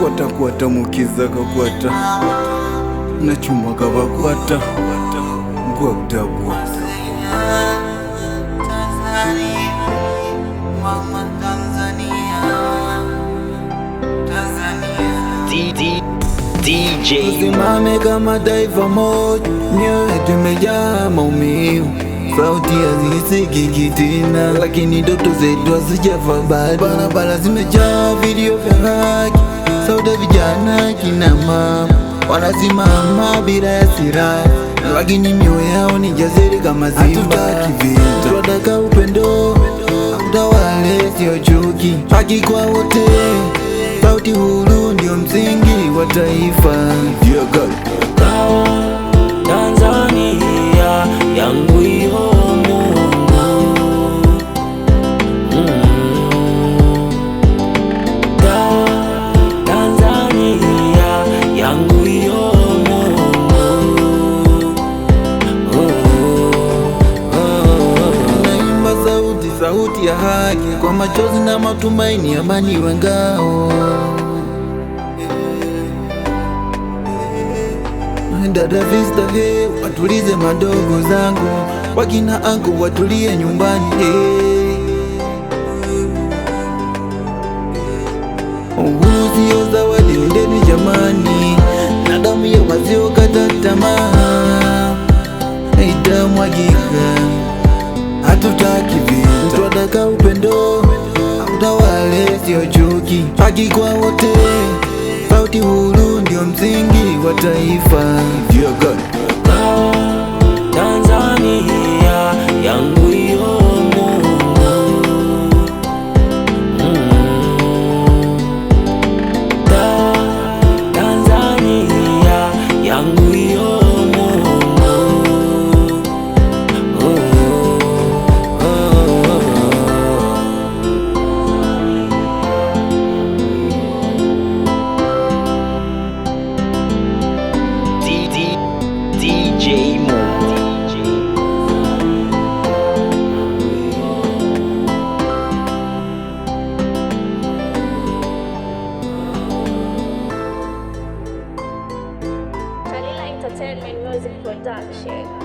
kwata kwata mukiza kakwata chuma kavakwata gwabdabwa DJ Simame kama taifa moja, nyoyo imejaa maumivu sauti hazisikiki kitina, lakini ndoto zetu hazijafa bado. Barabara zimejaa video vya haki, sauti vijana kina mama wanasimama bila ya silaha, lakini mioyo yao ni jasiri kama simba. Hatutaki tunataka upendo, utawala sio chuki, haki kwa wote, sauti huru ndio msingi wa taifa. sauti ya haki, kwa machozi na matumaini, amani iwe ngao. Dada Vista, he, watulize madogo zangu, wakina angu watulie nyumbani, he. Uhuru sio zawadi, ndeni jamani, na damu ya wasiokata tamaa nataka upendo utawale, sio chuki, haki kwa wote, sauti huru ndio msingi wa taifa. music production